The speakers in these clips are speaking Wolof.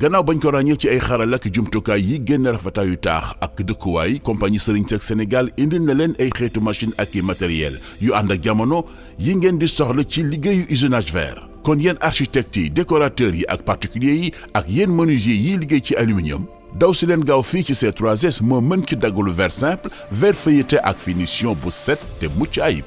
gannaaw bañ ko ràññee ci ay xaral jumtukaay yi génn rafetaayu taax ak dëkkuwaay compagnie Serigne Seck Sénégal indil na leen ay xeetu machine ak i matériel yu ànd ak jamono yi ngeen di soxla ci liggéeyu usinage vert. kon yéen architectes yi décorateur yi ak particulier yi ak yéen menuisier yiy liggéey ci aluminium daw si leen gaaw fii ci ces 3S moo mën ci daggalu verre simple verre feuilleté ak finition bu set te mucc ayib.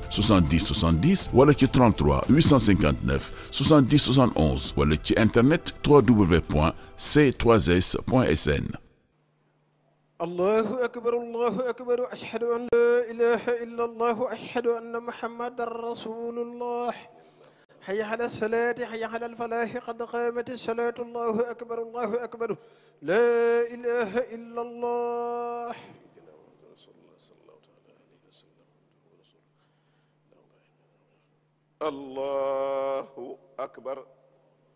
70 70 wala ci 33 859 70 71 wala ci internet www.c3s.sn allahu akbar allahu akbar ashhadu an laa ilaaha illa allah wa ashhadu anna muhammadan rasulullah hayya ala salaati hayya ala alfalaahi qad qaamati salaatu allahu akbar allahu akbar laa ilaaha illa allah allahu akbar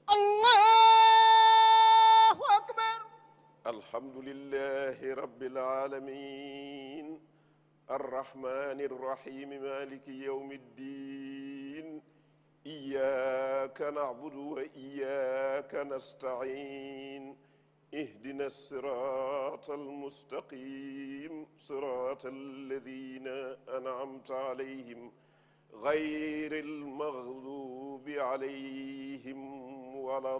allahu akbar alhamdulillahi rabbil alamin arrahmani rrahimi maliki yawmi ddin iyyaka na'budu wa iyyaka nasta'in ihdina sirata almustaqim sirata alladhina an'amta alayhim غير المغضوب عليهم ولا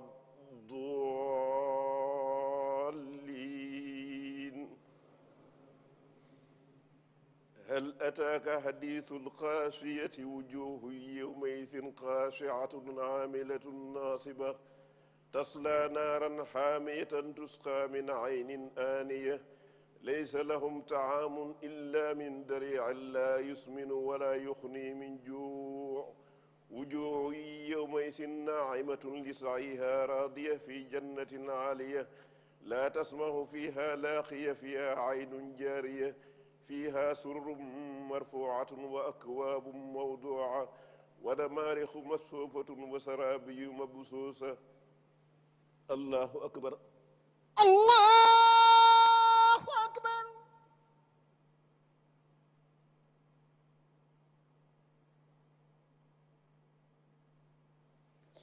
الضالين هل أتاك حديث الخاشية وجوه يومئذ خاشعة عاملة ناصبة تصلى نارا حامية تسقى من عين آنية laysa lahum taamun illa min dariin laa yusminu wala yuxni min juu wujuhu yawmaysin naaimatun li saayiha raadiya fi jannatin aaliya laa tasmahu fiha laaxiya fiha aynun jaariya fiha surrun marfuatun wa akwaabun mawduuca wa namaarixu masfuufatun wa saraabiyu mabsuusa allahu akbar allah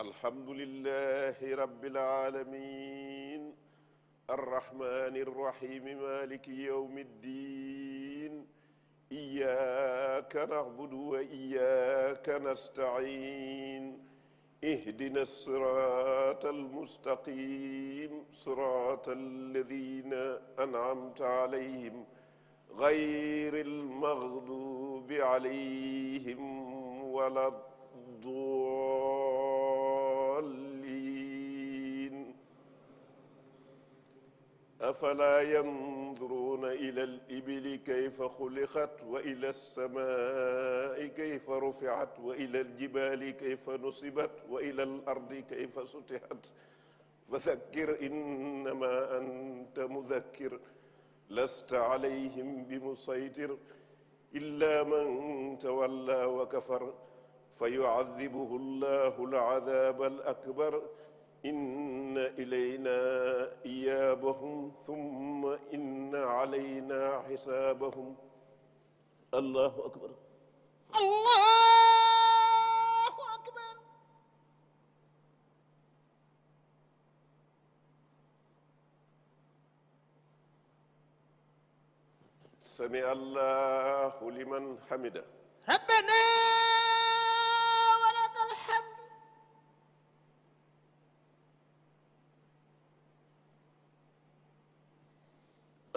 alhamdulilahi rabbil aalamiin arrahmaani rrahiimi maaliki yawmi ddiin iyyaaka na'budu wa iyyaaka nasta'iin ihdina siraatal mustaqiim siraatal laziina an'amta alayhim gayril magduubi alayhim walad afalaa yanduruuna ila alibili kayfa xuliqat wa ila alsamaai kayfa rufiat wa ila aljibaali kayfa nusibat wa ila alardi kayfa sutihat fazakkir innama anta muzakkir lasta alayhim bimusaytir illa man tawalla wa kafar fa yucadibuhu allahu alcadaaba alakbar إن إلينا إيابهم ثم إن علينا حسابهم الله أكبر الله أكبر سمع الله لمن حمده ربنا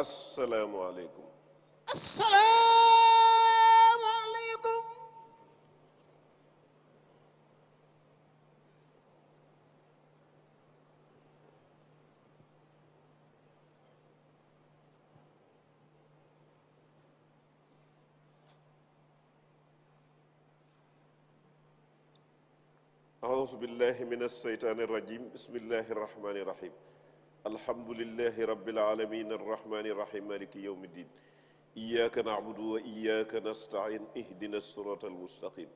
asalaamaaleykum. asalaamaaleykum. aouzu billahi mina shaytaani rajiim bismillahi rahmaani rahiim. alhamdulillahi rabbil alamin arrahmani irrahim maliki yawmi ddin iyyaka na'budu wa iyyaka nasta'in ihdina sirata almustaqim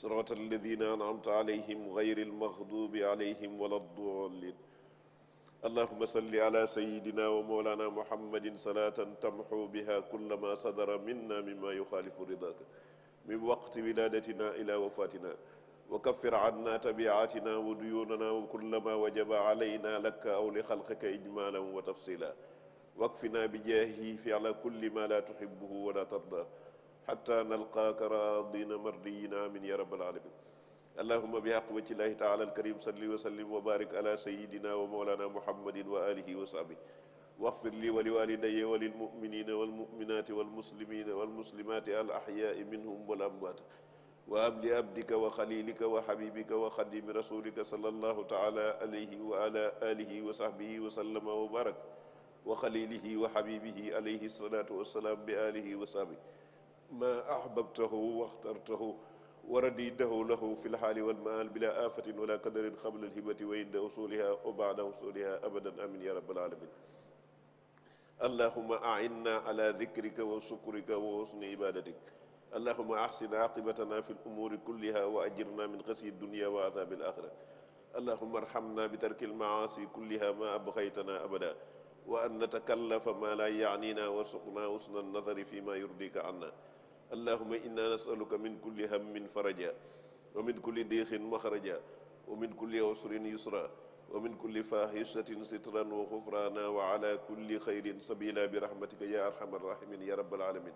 sirata alladhina an'amta alayhim ghayri almaghdubi alayhim wala ddallin allahumma salli ala sayyidina wa mawlana muhammadin salatan tamhu biha kulla ma sadara minna mimma yukhalifu ridaka min waqti wiladatina ila wafatina وكفر عنا تبعاتنا وديوننا وكل ما وجب علينا لك أو لخلقك إجمالا وتفصيلا واكفنا بجاهه فعل كل ما لا تحبه ولا ترضى حتى نلقاك راضين مرضينا من يا رب العالمين اللهم بحق وجه الله تعالى الكريم صلي وسلم وبارك على سيدنا ومولانا محمد وآله وصحبه واغفر لي ولوالدي وللمؤمنين والمؤمنات والمسلمين والمسلمات الأحياء منهم والأموات wa abli abdika wa xalilika wa xabibika wa xadimi rasulika sallallahu taala alayhi wa ala alihi wa sahbihi wa sallama wa barak wa xalilihi wa xabibihi alayhi salaatu wassalaam bi alihi wa sahbihi ma ahbabtahu waxtartahu wa raditahu lahu fi lxaali walmaal bila afatin wala qadarin xabla alhibati wa inda usuliha wa baada usuliha abadan amin ya rabbal alamin allahuma ainna ala dikrika wa sukrika wa husni ibadatik allahuma ahsin aqibatana fi lumuuri kulliha wa ajirna min xasi dunia wa adhabi l axira allahuma arhamna bi tarki lmaasi kulliha ma abxaytana abada wa an natakallafa ma la yaanina warsuqna husna nadari fi ma yurdika anna allahuma inna nasaluka min kulli hammin faraja wa min kulli diixin maxraja wa min kulli usrin yusra wa min kulli fahishatin sitran wa xufrana wa ala kulli xayrin sabila bi rahmatika ya arhamar rahimin ya rabbal alamin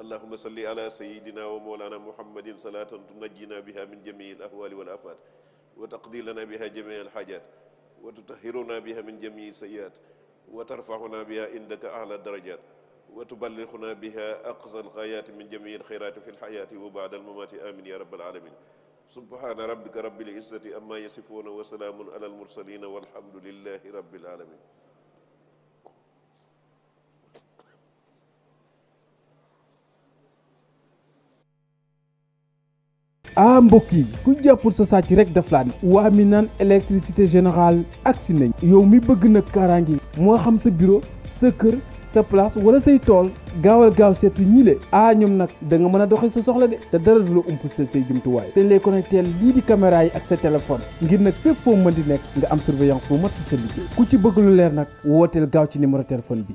allahuma salli ala sayidina wa moolana muhammadin salatan tunajjina biha min jamii al ahwali wal afat wa taqdi lana biha jamii al hajat wa tutahiruna biha min jamii sayiat wa tarfaxuna biha indaka ahla darajat wa tuballighuna biha aqsa al ghayati min jamii al khayrati fi al hayati wa ba'da al mamati amin ya rabbal alamin subhana rabbika rabbil izzati amma yasifuna wa salaamun ala al mursalina walhamdulillahi rabbil alamin ah mbokk yi ku jàppul sa sàcc rek daf laa ne waa mi naan électricité générale si nañ yow mi bëgg nag kaaraange moo xam sa biro sa kër sa place wala say tool gaawal gaaw seet si ñii le ah ñoom nag da nga mën a doxee sa soxla de te dara du la umpaseel say jumtuwaay te ñu lay connecteel lii di caméra yi ak sa téléphone ngir nag fépp foo mën di nekk nga am surveillance bu mat si sa liggéey ku ci bëgg leer nag wooteel gaaw ci numéro téléphone bi.